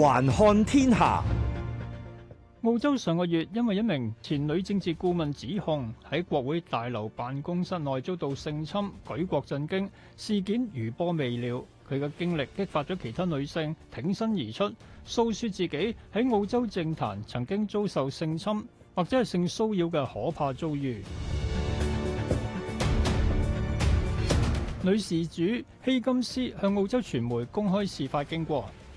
環看天下，澳洲上個月因為一名前女政治顧問指控喺國會大樓辦公室內遭到性侵，舉國震驚。事件餘波未了，佢嘅經歷激發咗其他女性挺身而出，訴說自己喺澳洲政壇曾經遭受性侵或者係性騷擾嘅可怕遭遇。女事主希金斯向澳洲傳媒公開事發經過。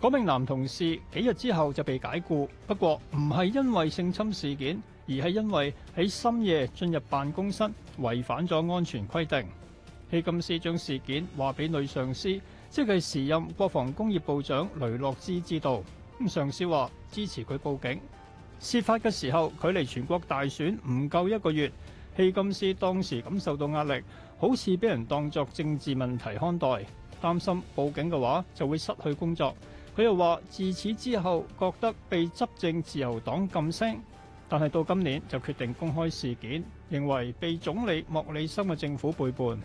嗰名男同事幾日之後就被解僱，不過唔係因為性侵事件，而係因為喺深夜進入辦公室違反咗安全規定。希金斯將事件話俾女上司，即係時任國防工業部長雷諾茲知道。咁上司話支持佢報警。事發嘅時候距離全國大選唔夠一個月，希金斯當時感受到壓力，好似俾人當作政治問題看待，擔心報警嘅話就會失去工作。佢又話：自此之後，覺得被執政自由黨噤聲，但係到今年就決定公開事件，認為被總理莫里森嘅政府背叛。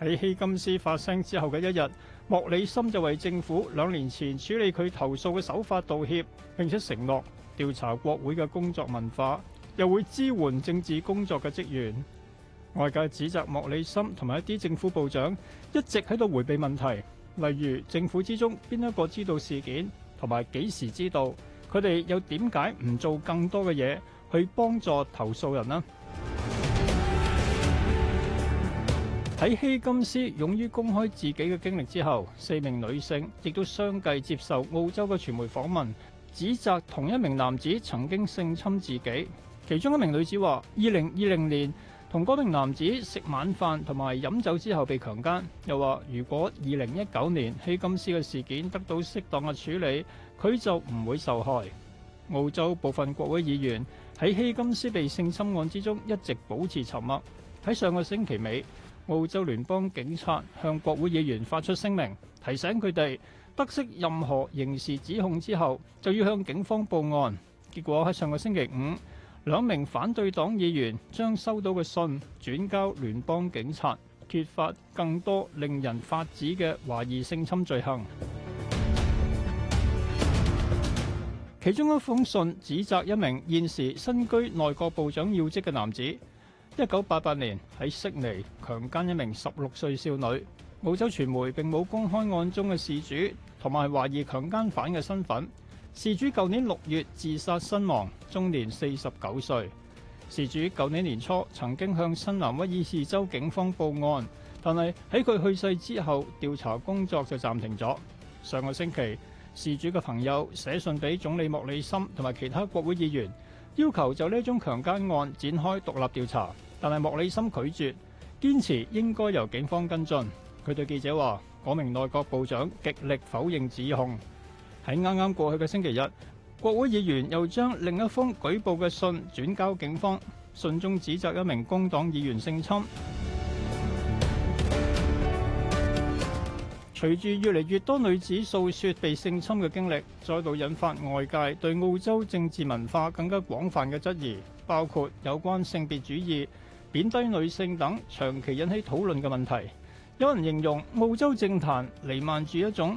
喺希金斯發聲之後嘅一日，莫里森就為政府兩年前處理佢投訴嘅手法道歉，並且承諾調查國會嘅工作文化，又會支援政治工作嘅職員。外界指責莫里森同埋一啲政府部長一直喺度迴避問題。例如政府之中邊一個知道事件同埋幾時知道？佢哋又點解唔做更多嘅嘢，去幫助投訴人呢？喺希金斯勇於公開自己嘅經歷之後，四名女性亦都相繼接受澳洲嘅傳媒訪問，指責同一名男子曾經性侵自己。其中一名女子話：「二零二零年，同嗰名男子食晚飯同埋飲酒之後被強姦，又話如果2019年希金斯嘅事件得到適當嘅處理，佢就唔會受害。澳洲部分國會議員喺希金斯被性侵案之中一直保持沉默。喺上個星期尾，澳洲聯邦警察向國會議員發出聲明，提醒佢哋，得悉任何刑事指控之後，就要向警方報案。結果喺上個星期五，兩名反對黨議員將收到嘅信轉交聯邦警察，揭發更多令人發指嘅懷疑性侵罪行。 其中一封信指責一名現時身居內閣部長要職嘅男子，一九八八年喺悉尼強奸一名十六歲少女。澳洲傳媒並冇公開案中嘅事主同埋懷疑強奸犯嘅身份。事主舊年六月自殺身亡，終年四十九歲。事主舊年年初曾經向新南威爾士州警方報案，但係喺佢去世之後，調查工作就暫停咗。上個星期，事主嘅朋友寫信俾總理莫里森同埋其他國會議員，要求就呢種強姦案展開獨立調查，但係莫里森拒絕，堅持應該由警方跟進。佢對記者話，嗰名內閣部長極力否認指控。喺啱啱過去嘅星期日，國會議員又將另一封舉報嘅信轉交警方，信中指責一名工黨議員性侵。隨住越嚟越多女子訴説被性侵嘅經歷，再度引發外界對澳洲政治文化更加廣泛嘅質疑，包括有關性別主義、貶低女性等長期引起討論嘅問題。有人形容澳洲政壇瀰漫住一種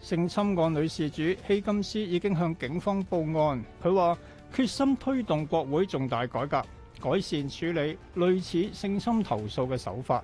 性侵案女事主希金斯已經向警方報案，佢話決心推動國會重大改革，改善處理類似性侵投訴嘅手法。